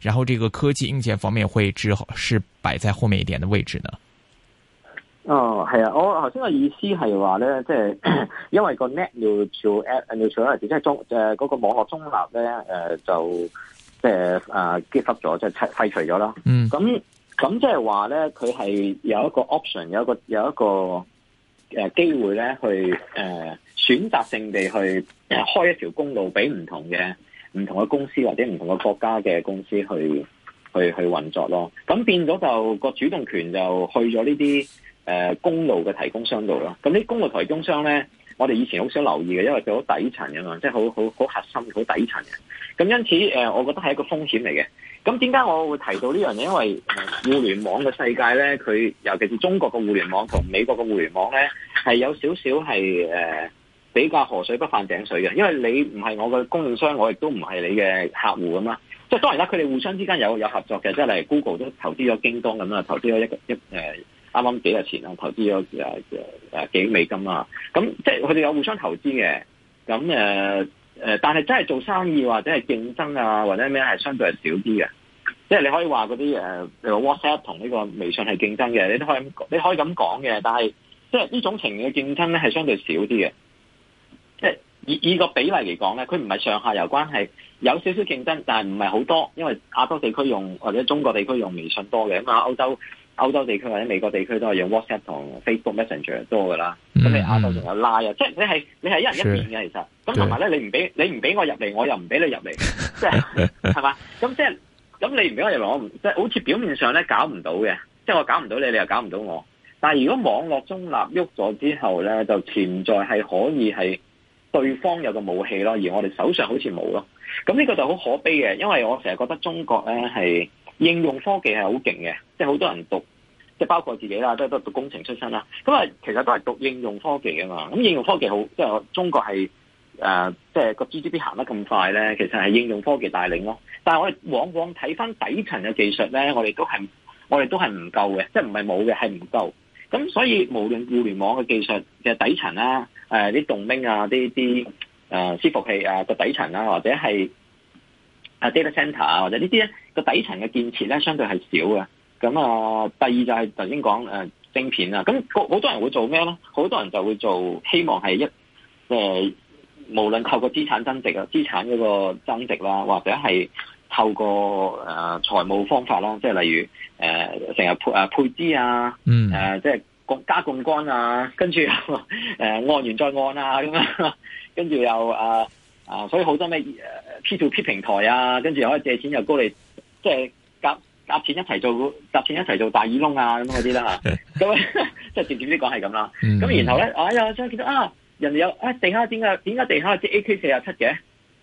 然後這個科技硬件方面會之後是擺在後面一點的位置呢？哦，係啊，我頭先嘅意思係話咧，即係因為個 net neutrality act 要除嗰陣時，即係中嗰個網絡中立咧誒、呃、就即係啊，結束咗，即係剔剔除咗啦。嗯，咁咁即係話咧，佢係有一個 option，有一個有一個誒、呃、機會咧去誒、呃、選擇性地去誒開一條公路俾唔同嘅。唔同嘅公司或者唔同嘅國家嘅公司去去去運作咯，咁變咗就個主動權就去咗呢啲誒公路嘅提供商度咯。咁啲公路提供商咧，我哋以前好少留意嘅，因為佢好底層嘅嘛，即係好好好核心、好底層嘅。咁因此誒、呃，我覺得係一個風險嚟嘅。咁點解我會提到呢樣嘢？因為互聯網嘅世界咧，佢尤其是中國嘅互聯網同美國嘅互聯網咧，係有少少係誒。呃比較河水不犯井水嘅，因為你唔係我嘅供應商，我亦都唔係你嘅客戶咁啦。即係當然啦，佢哋互相之間有有合作嘅，即係例如 Google 都投資咗京東咁啦，投資咗一個一誒啱啱幾日前啊，投資咗誒誒幾，幾美金啊。咁即係佢哋有互相投資嘅。咁誒誒，但係真係做生意或者係競爭啊，或者咩係相對係少啲嘅。即係你可以話嗰啲誒 WhatsApp 同呢個微信係競爭嘅，你都可以你可以咁講嘅。但係即係呢種情形嘅競爭咧，係相對少啲嘅。以以個比例嚟講咧，佢唔係上下游關係，有少少競爭，但係唔係好多，因為亞洲地區用或者中國地區用微信多嘅，咁啊歐洲歐洲地區或者美國地區都係用 WhatsApp 同 Facebook Messenger 多㗎啦。咁、嗯啊、你亞洲仲有 Line，即係你係你係一人一面嘅的其實。咁同埋咧，你唔俾你唔俾我入嚟，我又唔俾你入嚟， 即係係嘛？咁即係咁你唔俾我入嚟，我唔即係好似表面上咧搞唔到嘅，即係我搞唔到你，你又搞唔到我。但係如果網絡中立喐咗之後咧，就潛在係可以係。對方有個武器咯，而我哋手上好似冇咯。咁、這、呢個就好可悲嘅，因為我成日覺得中國咧係應用科技係好勁嘅，即係好多人讀，即係包括自己啦，都都讀工程出身啦。咁啊，其實都係讀應用科技㗎嘛。咁應用科技好，即係中國係誒，即係個 GDP 行得咁快咧，其實係應用科技帶領咯。但係我哋往往睇翻底層嘅技術咧，我哋都係我哋都係唔夠嘅，即係唔係冇嘅，係唔夠。咁所以無論互聯網嘅技術嘅底層啦。誒啲、呃、動兵啊，啲啲誒伺服器啊個底層啊，或者係啊 data centre 啊，或者呢啲咧個底層嘅建設咧，相對係少嘅。咁、嗯、啊，第二就係頭先講誒晶片啦、啊。咁、那、好、個、多人會做咩咧？好多人就會做，希望係一誒、呃，無論透過資產增值啊，資產嗰個增值啦、啊，或者係透過誒、呃、財務方法囉、啊。即係例如誒成日配配資啊，嗯、呃、即係。加槓桿啊，跟住誒按完再按啊，咁跟住又啊啊、呃，所以好多咩 P2P 平台啊，跟住可以借錢又高利，即、就、係、是、夾夾錢一齊做，夾錢一齊做大耳窿啊咁嗰啲啦嚇，咁即係直接啲講係咁啦。咁、mm hmm. 然後咧，哎呀張見到啊，人哋有啊地下點解點解地下有啲 AK 四七嘅？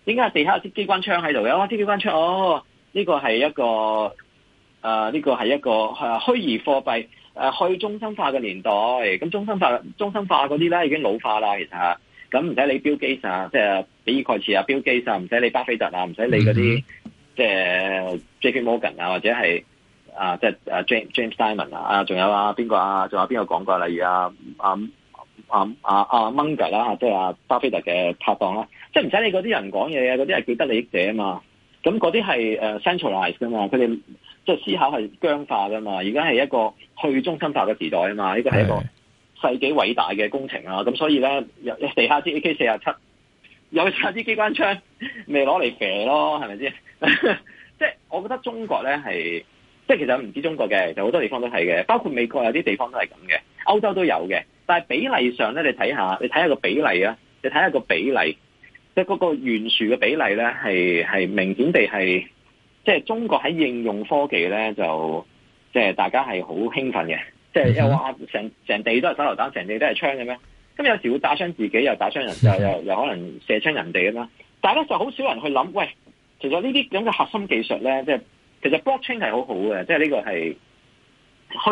點解地下有啲機關槍喺度嘅？啲、啊、機關槍哦，呢、這個係一個誒，呢、呃這個係一個虛擬貨幣。呃這個誒去中心化嘅年代，咁中心化、中心化嗰啲咧已經老化啦，其實。咁唔使你 Bill Gates 啊，即係比爾蓋茨啊，Bill Gates 啊，唔使你巴菲特啊，唔使你嗰啲即係 JPMorgan 啊，或者係啊，即係啊 James Diamond 啊，啊仲有啊邊個啊，仲有邊個講過，例如啊啊啊啊 Munger 啦，er, 即係啊巴菲特嘅拍檔啦，即係唔使你嗰啲人講嘢啊，嗰啲係既得利益者啊嘛，咁嗰啲係誒 centralized 噶嘛，佢哋。.即係思考係僵化噶嘛，而家係一個去中心化嘅時代啊嘛，呢個係一個世紀偉大嘅工程啦、啊。咁的所以咧，有地下支 A K 四七，有地下支機關槍未攞嚟射咯，係咪先？ 即係我覺得中國咧係，即係其實唔止中國嘅，就好多地方都係嘅，包括美國有啲地方都係咁嘅，歐洲都有嘅。但係比例上咧，你睇下，你睇下個比例啊，你睇下個比例，即係嗰個懸殊嘅比例咧，係、那、係、個、明顯地係。即係中國喺應用科技咧，就即係大家係好興奮嘅。即係因為話成成地都係手榴彈，成地都係槍嘅咩？咁有時會打傷自己，又打傷人，的又又又可能射傷人哋咁啦。但係咧就好少人去諗，喂，其實呢啲咁嘅核心技術咧，即係其實 blockchain 係好好嘅，即係呢個係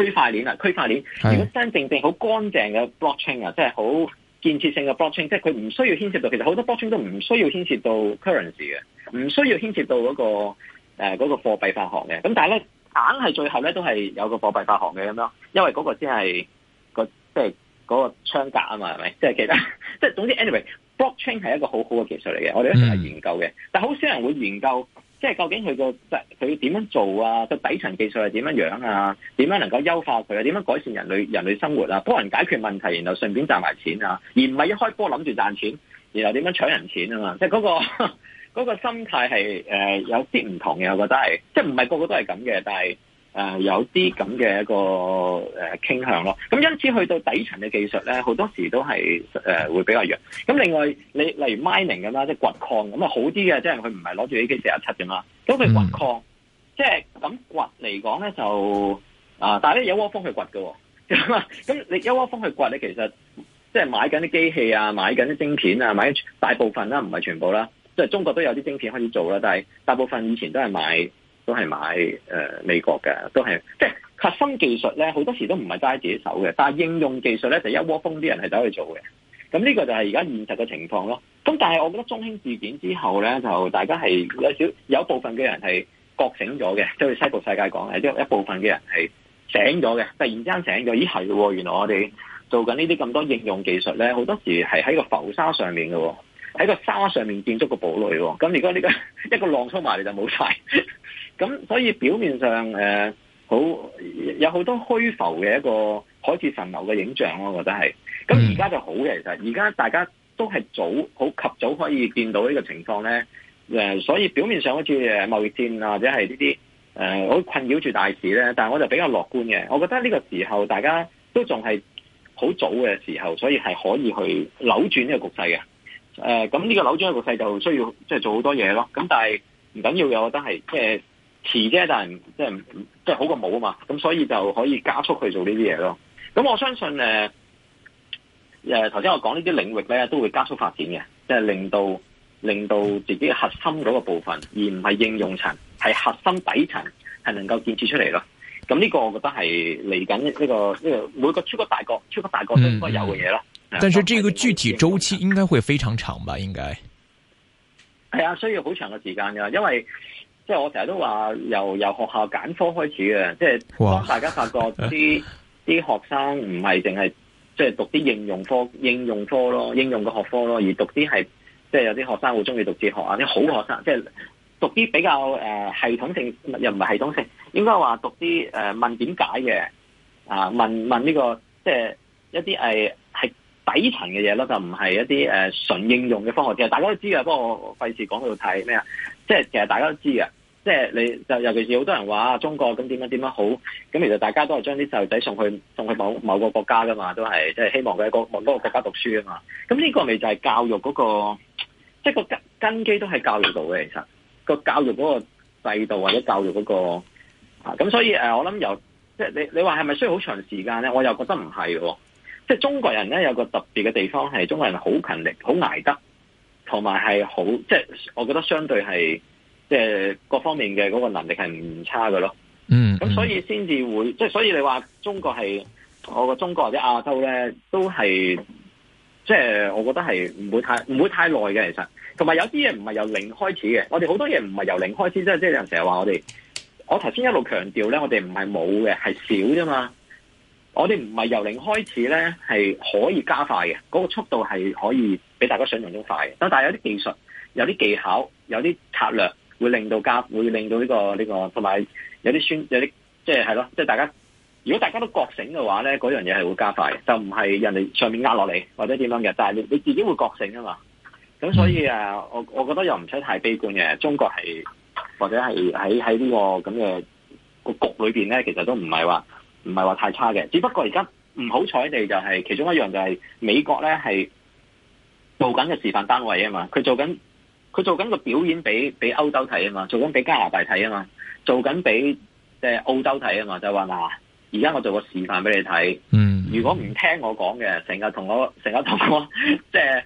區塊鏈啊，區塊鏈的如果真正正好乾淨嘅 blockchain 啊，即係好建設性嘅 blockchain，即係佢唔需要牽涉到，其實好多 blockchain 都唔需要牽涉到 currency 嘅，唔需要牽涉到嗰個。誒嗰個貨幣發行嘅，但係呢硬係最後呢都係有個貨幣發行嘅咁樣，因為嗰個先係個即係嗰個窗格啊嘛，係咪？即係其他，即係總之，anyway，blockchain 係一個好好嘅技術嚟嘅，我哋一定係研究嘅，但係好少人會研究，即係究竟佢個佢點樣做啊？個底層技術係點樣樣啊？點樣能夠優化佢啊？點樣改善人類人類生活啊？幫人解決問題，然後順便賺埋錢啊！而唔係一開波諗住賺錢，然後點樣搶人錢啊嘛？即係嗰個。嗰個心態係誒、呃、有啲唔同嘅，我覺得係即係唔係個個都係咁嘅，但係誒、呃、有啲咁嘅一個誒、呃、傾向咯。咁因此去到底層嘅技術咧，好多時都係誒、呃、會比較弱。咁另外你例如 mining 咁啦，即係掘礦咁啊，那好啲嘅即係佢唔係攞住 AK47 嘅嘛。咁佢掘礦、嗯、即係咁掘嚟講咧就啊，但係咧有一窩蜂去掘嘅嘛、哦。咁 你有窩蜂去掘呢，你其實即係買緊啲機器啊，買緊啲晶片啊，買大部分啦、啊，唔係全部啦、啊。即係中國都有啲晶片開始做啦，但係大部分以前都係買，都係買、呃、美國嘅，都係即係核心技術咧，好多時都唔係齋自己手嘅。但係應用技術咧，就一窩蜂啲人係走去做嘅。咁呢個就係而家現實嘅情況咯。咁但係我覺得中興事件之後咧，就大家係有少有部分嘅人係覺醒咗嘅，即係西部世界講係即一部分嘅人係醒咗嘅。突然之間醒咗，咦係喎，原來我哋做緊呢啲咁多應用技術咧，好多時係喺個浮沙上面嘅喎。喺個沙上面建築個堡壘喎、哦，咁如果呢個一個浪沖埋嚟就冇晒。咁所以表面上誒、呃、好有好多虛浮嘅一個海市蜃樓嘅影像咯、哦，我覺得係咁而家就好嘅。其實而家大家都係早好及早可以見到呢個情況咧、呃，所以表面上好似貿易戰呀或者係呢啲誒好困擾住大事咧，但我就比較樂觀嘅，我覺得呢個時候大家都仲係好早嘅時候，所以係可以去扭轉呢個局勢嘅。誒，咁呢、呃、個樓磚嘅局勢就需要即係、就是、做好多嘢咯，咁但係唔緊要嘅，我覺得係即係遲啫，但係即係即係好過冇啊嘛，咁所以就可以加速去做呢啲嘢咯。咁我相信誒誒，頭、呃、先、呃、我講呢啲領域咧都會加速發展嘅，即、就、係、是、令到令到自己核心嗰個部分，而唔係應用層，係核心底層係能夠建設出嚟咯。咁呢個我覺得係嚟緊呢個，呢、這個每個超級大國、超級大國都應該有嘅嘢囉。Mm hmm. 但是這個具體周期應該會非常長吧？應該係啊，需要好長嘅時間噶，因為即係我成日都話由由學校揀科開始嘅，即係當大家發覺啲啲學生唔係淨係即係讀啲應用科應用科咯，應用嘅學科咯，而讀啲係即係有啲學生會中意讀哲學啊，啲好學生即係讀啲比較誒系統性又唔係系統性，應該話讀啲誒問點解嘅啊？問問呢個即係一啲係。底層嘅嘢咯，就唔係一啲誒純應用嘅科學，其實大家都知㗎，不過我費事講到睇咩啊，即係其實大家都知㗎，即係你就尤其是好多人話中國咁點樣點樣好，咁其實大家都係將啲細路仔送去送去某某個國家噶嘛，都係即係希望佢喺嗰個國家讀書啊嘛。咁呢個咪就係教育嗰個，即係個根根基都係教育度嘅。其實個教育嗰個制度或者教育嗰個啊，咁所以誒、呃，我諗由即係你你話係咪需要好長時間咧？我又覺得唔係、哦。即係中國人咧，有個特別嘅地方係中國人好勤力，好捱得，同埋係好即係，就是、我覺得相對係即係各方面嘅嗰個能力係唔差㗎咯。Mm hmm. 嗯，咁所以先至會，即係所以你話中國係我個中國或者亞洲咧，都係即係，就是、我覺得係唔會太唔會太耐嘅。其實，同埋有啲嘢唔係由零開始嘅，我哋好多嘢唔係由零開始，即係即係人成日話我哋，我頭先一路強調咧，我哋唔係冇嘅，係少啫嘛。我哋唔係由零開始咧，係可以加快嘅，嗰個速度係可以比大家想象中快嘅。但係有啲技術、有啲技巧、有啲策略，會令到加，會令到呢個呢個，同埋有啲宣，有啲即係係咯，即係大家如果大家都覺醒嘅話咧，嗰樣嘢係會加快嘅。就唔係人哋上面壓落嚟或者點樣嘅，但係你你自己會覺醒啊嘛。咁所以誒，我我覺得又唔使太悲觀嘅。中國係或者係喺喺呢個咁嘅個局裏面咧，其實都唔係話。唔係話太差嘅，只不過而家唔好彩地就係其中一樣就係美國咧係做緊嘅示範單位啊嘛，佢做緊佢做緊個表演俾俾歐洲睇啊嘛，做緊俾加拿大睇啊嘛，做緊俾即係澳洲睇啊嘛，就話嗱，而家我做個示範俾你睇，嗯、mm，hmm. 如果唔聽我講嘅，成日同我成日同我即係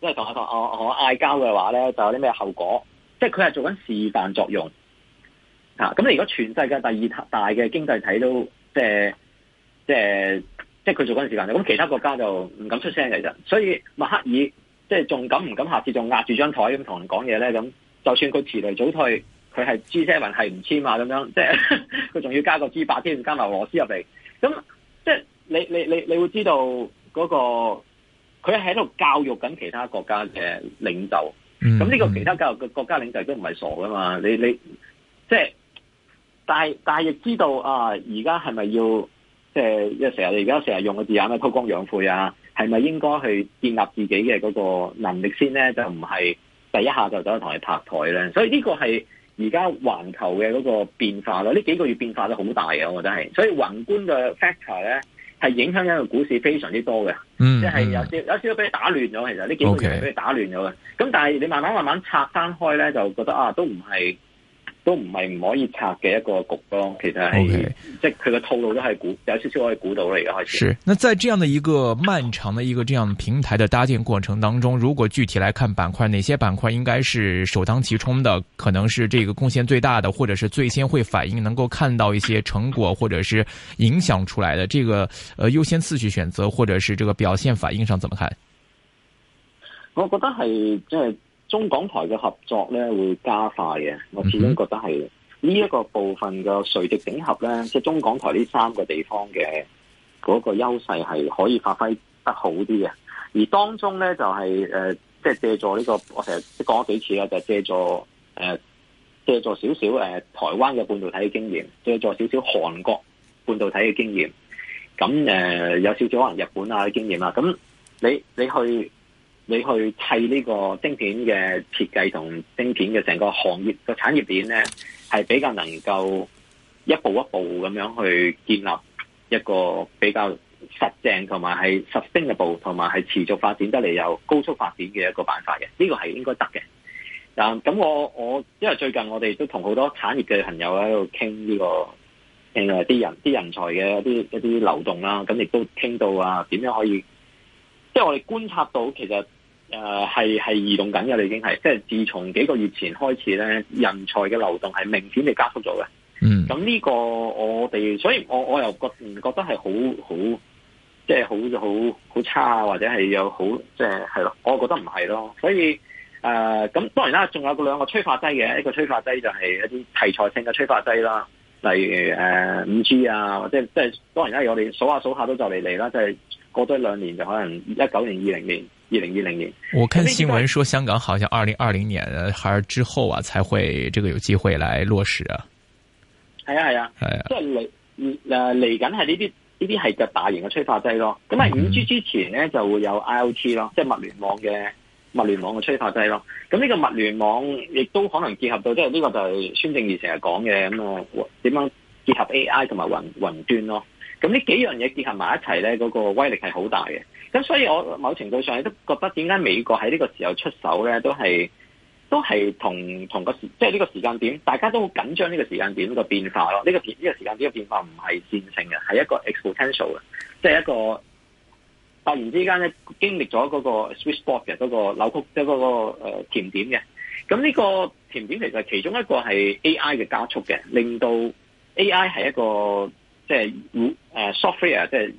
即係同我同我嗌交嘅話咧，就有啲咩後果？即係佢係做緊示範作用，吓，咁你如果全世界第二大嘅經濟體都。即係即係即係佢做嗰段時間，咁其他國家就唔敢出聲嘅，就所以默克爾即係仲敢唔敢下次仲壓住張台咁同人講嘢咧？咁就算佢遲嚟早退，佢係 G7 係唔簽啊？咁樣即係佢仲要加個 G8 添，加埋俄羅斯入嚟，咁即係你你你你會知道嗰個佢喺度教育緊其他國家嘅領袖，咁呢個其他教育嘅國家領袖都唔係傻噶嘛？你你即係。但係但係亦知道啊，而家係咪要即係一成日，而家成日用個字眼咩韜光養晦啊？係咪應該去建立自己嘅嗰個能力先咧？就唔係第一下就走去同你拍台咧。所以呢個係而家環球嘅嗰個變化啦，呢幾個月變化都好大嘅，我覺得係。所以宏觀嘅 factor 咧係影響緊個股市非常之多嘅，即係、嗯嗯、有少有少都俾你打亂咗。其實呢幾個月俾你打亂咗嘅。咁 okay. 但係你慢慢慢慢拆翻開咧，就覺得啊，都唔係。都唔係唔可以拆嘅一個局咯，其實係，Okay. 即係佢嘅套路都係估有少少可以估到啦，而家開始。是。那在這樣的一個漫長的一個這樣平台的搭建過程當中，如果具體來看板塊，哪些板塊應該是首當其衝的，可能是這個貢獻最大的，或者是最先會反應，能夠看到一些成果，或者是影響出來的，這個呃優先次序選擇，或者是這個表現反應上，怎麼看？我覺得係即係。就是中港台嘅合作咧會加快嘅，我始終覺得係呢一個部分嘅垂直整合咧，即係中港台呢三個地方嘅嗰、那個優勢係可以發揮得好啲嘅。而當中咧就係、是、誒，即、呃、係、就是、借助呢、這個，我成日講咗幾次啊，就係、是、借助誒，借、呃、助少少誒台灣嘅半導體嘅經驗，借助少少韓國半導體嘅經驗，咁誒、呃、有少少可能日本啊嘅經驗啦。咁你你去你去砌呢個晶片嘅設計同晶片嘅成個行業個產業鏈咧，係比較能夠一步一步咁樣去建立一個比較實正同埋係實升一步，同埋係持續發展得嚟又高速發展嘅一個辦法嘅。呢個係應該得嘅。嗱，咁我我因為最近我哋都同好多產業嘅朋友喺度傾呢個，誒啲人啲人才嘅一啲一啲流動啦，咁亦都傾到啊點樣可以。即係我哋觀察到，其實誒係係移動緊嘅，你已經係即係自從幾個月前開始咧，人才嘅流動係明顯地加速咗嘅。嗯，咁呢個我哋，所以我我又覺唔覺得係好好，即係好好好差啊，或者係有好即係係咯，我覺得唔係咯。所以誒咁、呃、當然啦，仲有嗰兩個催化劑嘅，一個催化劑就係一啲題材性嘅催化劑啦，例如誒五、呃、G 啊，或者即係當然啦，我哋數下數下都來就嚟嚟啦，即係。過多兩年就可能一九年、二零年、二零二零年。我看新聞說香港好像二零二零年，還是之後啊，才會、這個、有機會來落實啊。係啊係啊係啊，是啊是啊即係嚟，誒嚟緊係呢啲呢啲係個大型嘅催化劑咯。咁啊五 G 之前呢，就會有 IoT 咯，即係物聯網嘅物聯網嘅催化劑咯。咁呢個物聯網亦都可能結合到，即係呢個就係孫正義成日講嘅咁啊，點、嗯、樣結合 AI 同埋雲雲端咯。咁呢幾樣嘢結合埋一齊咧，嗰、那個威力係好大嘅。咁所以我某程度上亦都覺得點解美國喺呢個時候出手咧，都係都係同同個時，即係呢個時間點，大家都好緊張呢個時間點個變化咯。呢、這個呢、這個、時間點嘅變化唔係線性嘅，係一個 exponential 嘅，即、就、係、是、一個突然之間咧經歷咗嗰個 switchboard 嘅嗰個扭曲，即嗰個甜點嘅。咁呢個甜點其實其中一個係 AI 嘅加速嘅，令到 AI 係一個。即係，誒，software 即係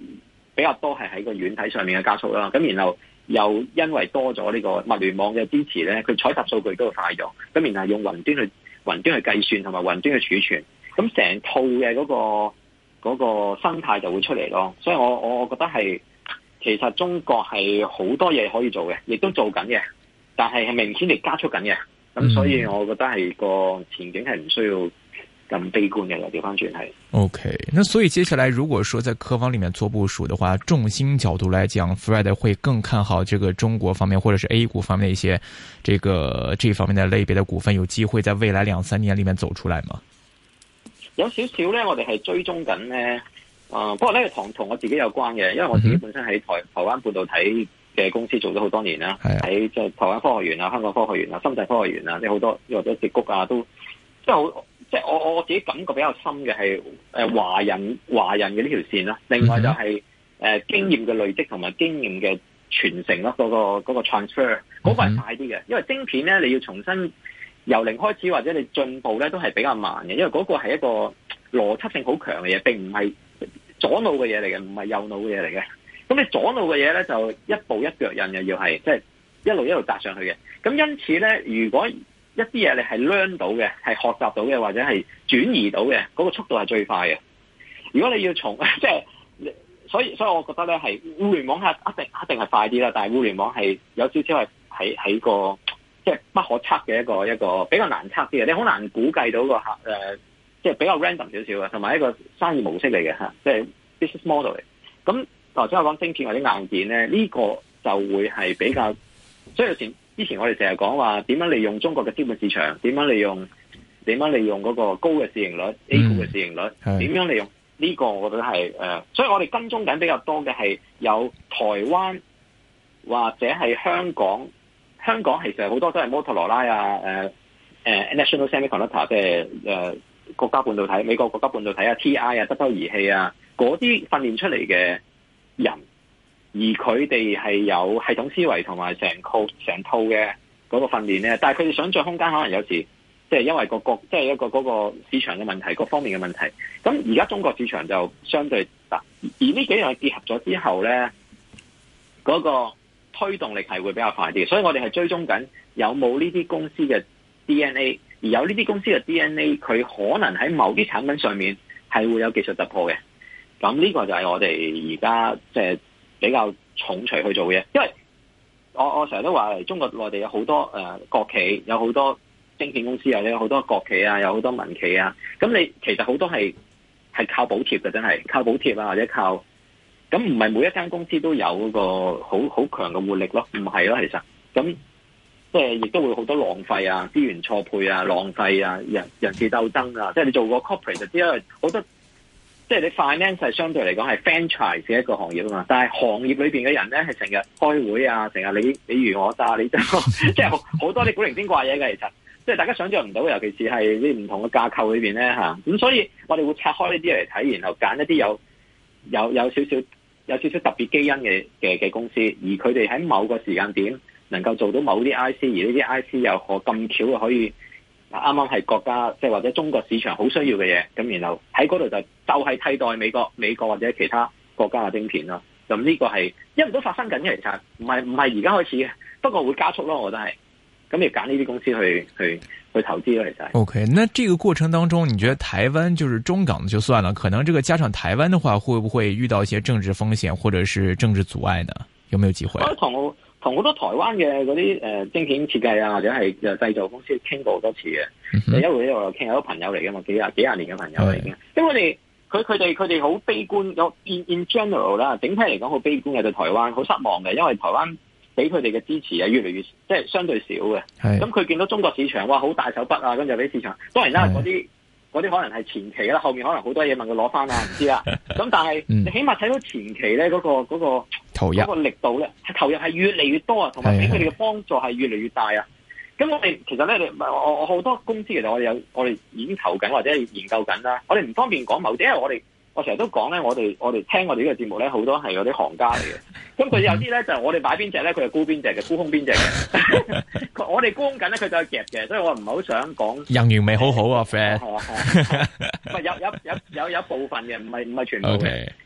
比較多係喺個軟體上面嘅加速啦。咁然後又因為多咗呢個物聯網嘅支持咧，佢採集數據都會快咗。咁然後用雲端去雲端去計算同埋雲端去儲存，咁成套嘅嗰個嗰個生態就會出嚟咯。所以我我我覺得係其實中國係好多嘢可以做嘅，亦都做緊嘅，但係係明顯亦加速緊嘅。咁所以我覺得係個前景係唔需要。咁悲觀嘅調翻轉係，O K。Okay. 那所以接下來，如果說在科網裏面做部署嘅話，重心角度來講，Fred 會更看好這個中國方面，或者是 A 股方面的一些，這個這方面的類別的股份，有機會在未來兩三年裏面走出來嗎？有少少呢，我哋係追蹤緊呢。啊、呃，不過呢，同同我自己有關嘅，因為我自己本身喺台台灣半導體嘅公司做咗好多年啦，喺即係台灣科學園啊、的香港科學園啊、深圳科學園啊，啲好多或者矽谷啊，都即係好。即係我我自己感覺比較深嘅係誒華人華人嘅呢條線啦，另外就係、是、誒、呃、經驗嘅累積同埋經驗嘅傳承咯，嗰、那個 transfer 嗰、那個係快啲嘅，因為晶片咧你要重新由零開始，或者你進步咧都係比較慢嘅，因為嗰個係一個邏輯性好強嘅嘢，並唔係左腦嘅嘢嚟嘅，唔係右腦嘅嘢嚟嘅。咁你左腦嘅嘢咧就一步一腳印又要係即係一路一路搭上去嘅。咁因此咧，如果一啲嘢你係 learn 到嘅，係學習到嘅，或者係轉移到嘅，嗰個速度係最快嘅。如果你要從即係、就是，所以所以，我覺得咧係互聯網係一定一定係快啲啦。但係互聯網係有少少係喺喺個即係、就是、不可測嘅一個一個比較難測啲嘅，你好難估計到個客誒，即係比較 random 少少嘅，同埋一個生意模式嚟嘅嚇，即係、就是、business model 嚟。咁頭先我講芯片或者硬件咧，呢個就會係比較即係前。之前我哋成日講話點樣利用中國嘅資本市場，點樣利用點樣利用個高嘅市盈率 A 股嘅市盈率，點、嗯、樣利用呢、個我覺得係誒、呃，所以我哋跟蹤緊比較多嘅係有台灣或者係香港，的香港其實好多都係摩托羅拉啊，誒、呃、誒、呃、National Semiconductor 即係誒、呃、國家半導體、美國國家半導體啊、TI 啊、德州儀器啊啲訓練出嚟嘅人。而佢哋係有系統思維同埋成套成套嘅嗰個訓練咧，但係佢哋想象空間可能有時即係因為個國，即係一個嗰個市場嘅問題，各方面嘅問題。咁而家中國市場就相對，而呢幾樣結合咗之後咧，嗰個推動力係會比較快啲。所以我哋係追蹤緊有冇呢啲公司嘅 DNA，而有呢啲公司嘅 DNA，佢可能喺某啲產品上面係會有技術突破嘅。咁呢個就係我哋而家即係。比較重錘去做嘢，因為我我成日都話中國內地有好多誒、呃、國企，有好多證券公司啊，有好多國企啊，有好多民企啊。咁你其實好多係係靠補貼嘅，真係靠補貼啊，或者靠咁唔係每一間公司都有嗰個好好強嘅活力咯，唔係咯，其實咁即係亦都會好多浪費啊，資源錯配啊，浪費啊，人人事鬥爭啊，即、就、係、是、你做過 corporate，就知因為好多。即係你 finance 係相對嚟講係 franchise 一個行業啊嘛，但係行業裏邊嘅人咧係成日開會啊，成日你比如我揸你就 即係好多啲古靈精怪嘢嘅，其實即係大家想象唔到，尤其是係啲唔同嘅架構裏邊咧吓，咁所以我哋會拆開呢啲嚟睇，然後揀一啲有有有少少有少少特別基因嘅嘅嘅公司，而佢哋喺某個時間點能夠做到某啲 IC，而呢啲 IC 又何咁巧可以。啱啱係國家，即係或者中國市場好需要嘅嘢，咁然後喺嗰度就就係替代美國、美國或者其他國家嘅晶片啦。咁呢個係因為都發生緊嘅，其實唔係唔係而家開始嘅，不過會加速咯。我覺得係咁，你揀呢啲公司去去去投資咯。其實，O K，那這個過程當中，你覺得台灣就是中港就算了，可能這個加上台灣的話，會不會遇到一些政治風險，或者是政治阻礙呢？有沒有機會？同好多台灣嘅嗰啲誒晶片設計啊，或者係誒製造公司傾過好多次嘅。第、嗯、哼一回一我又傾，好多朋友嚟嘅嘛，幾廿幾廿年嘅朋友嚟嘅。的因為佢佢哋佢哋好悲觀，有 in, in general 啦，整體嚟講好悲觀嘅對台灣，好失望嘅，因為台灣俾佢哋嘅支持啊，越嚟越即係相對少嘅。咁佢的見到中國市場，哇，好大手筆啊，跟住俾市場。當然啦，嗰啲嗰啲可能係前期啦，後面可能好多嘢問佢攞翻啊，唔 知啦。咁但係、嗯、你起碼睇到前期咧嗰個嗰個。嗰個嗰個力度咧，投入係越嚟越多啊，同埋俾佢哋嘅幫助係越嚟越大啊。咁的我哋其實咧，我我好多公司其實我哋有，我哋已經投緊或者研究緊啦。我哋唔方便講某啲，因為我哋我成日都講咧，我哋我哋聽我哋呢個節目咧，好多係有啲行家嚟嘅。咁佢有啲咧就係、我哋擺邊隻咧，佢係沽邊隻嘅，沽空邊隻嘅。 我哋沽緊咧，佢就夾嘅，所以我唔係好想講。人員未好好啊，friend。係 有有有有有部分嘅，唔係唔係全部嘅。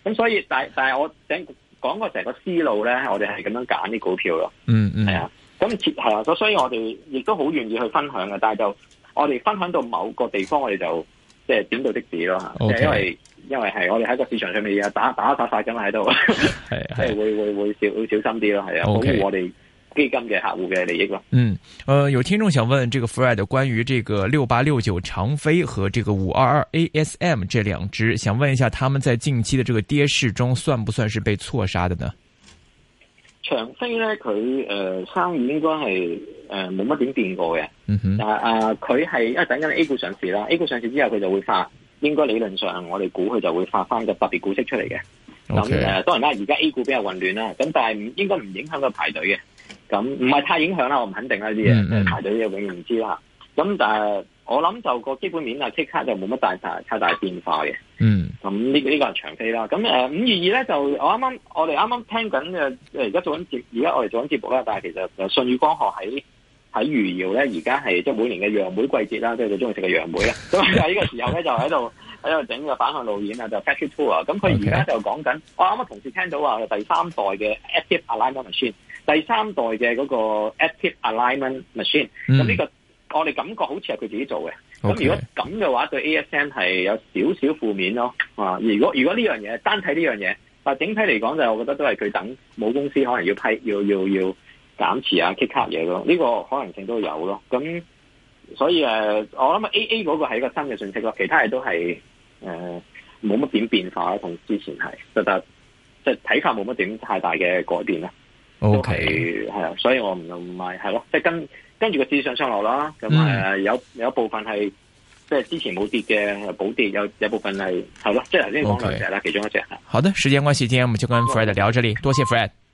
咁 Okay. 所以但但係我整。講個成個思路咧，我哋係咁樣揀啲股票咯，嗯。嗯嗯，係啊。咁係啊，咁所以我哋亦都好願意去分享嘅。但係就我哋分享到某個地方，我哋就即係、就是、點到即止咯。吓，即係因為因為係我哋喺個市場上面打打打晒緊喺度，係即係會會會小小心啲咯。係啊，好 Okay. 我哋。基金嘅客戶嘅利益咯。嗯，誒、呃，有聽眾想問，這個 Fred 關於這個六八六九長飛和這個五二二 ASM 這兩隻想問一下，他們在近期的這個跌市中，算不算是被錯殺的呢？長飛咧，佢誒、呃、生意應該係誒冇乜點變過嘅。但、嗯、哼。嗱、呃呃、啊，佢係因為等緊 A 股上市啦，A 股上市之後佢就會發，應該理論上我哋估佢就會發翻個特別股息出嚟嘅。咁誒 Okay.、嗯呃，當然啦，而家 A 股比較混亂啦，咁但係唔應該唔影響個排隊嘅。咁唔係太影響啦，我唔肯定呢啲嘢，排隊嘢永遠唔知啦。咁但誒，我諗就個基本面啊，即刻就冇乜大太太大變化嘅。嗯、mm，咁、hmm。呢、這個呢、這個係長飛啦。咁誒、呃，五月二咧就我啱啱我哋啱啱聽緊誒，而家做緊節，而家我哋做緊節目啦。但係其實誒舜宇光學喺喺餘姚咧，而家係即係每年嘅楊梅季節啦，即係最中意食嘅楊梅啊。咁就呢個時候咧，就喺度喺度整個反向路演啊，就 Factory Tour 就。咁佢而家就講緊，我啱啱同事聽到話第三代嘅 Active Alignment。第三代嘅嗰個 Active Alignment Machine，咁呢、嗯、個我哋感覺好似係佢自己做嘅。咁 Okay 如果咁嘅話，對 ASM 係有少少負面咯。啊，如果如果呢樣嘢單睇呢樣嘢，但整體嚟講就我覺得都係佢等母公司可能要批，要要要減持啊，kick out 嘢咯。呢、這個可能性都有咯。咁所以誒、啊、我諗 A A 嗰個係一個新嘅信息咯，其他嘢都係誒冇乜點變化，同之前係，實質即係睇法冇乜點太大嘅改變啦。OK，係啊，所以我唔又唔係，係咯，即係跟跟住個資訊上落啦，咁係啊，有有一部分係即係之前冇跌嘅補跌，有有部分係係咯，即係頭先講兩隻啦，就是、隻 Okay. 其中一隻。好的，時間關係，今日我們就跟 Fred 聊到這裏，Okay. 多謝 Fred。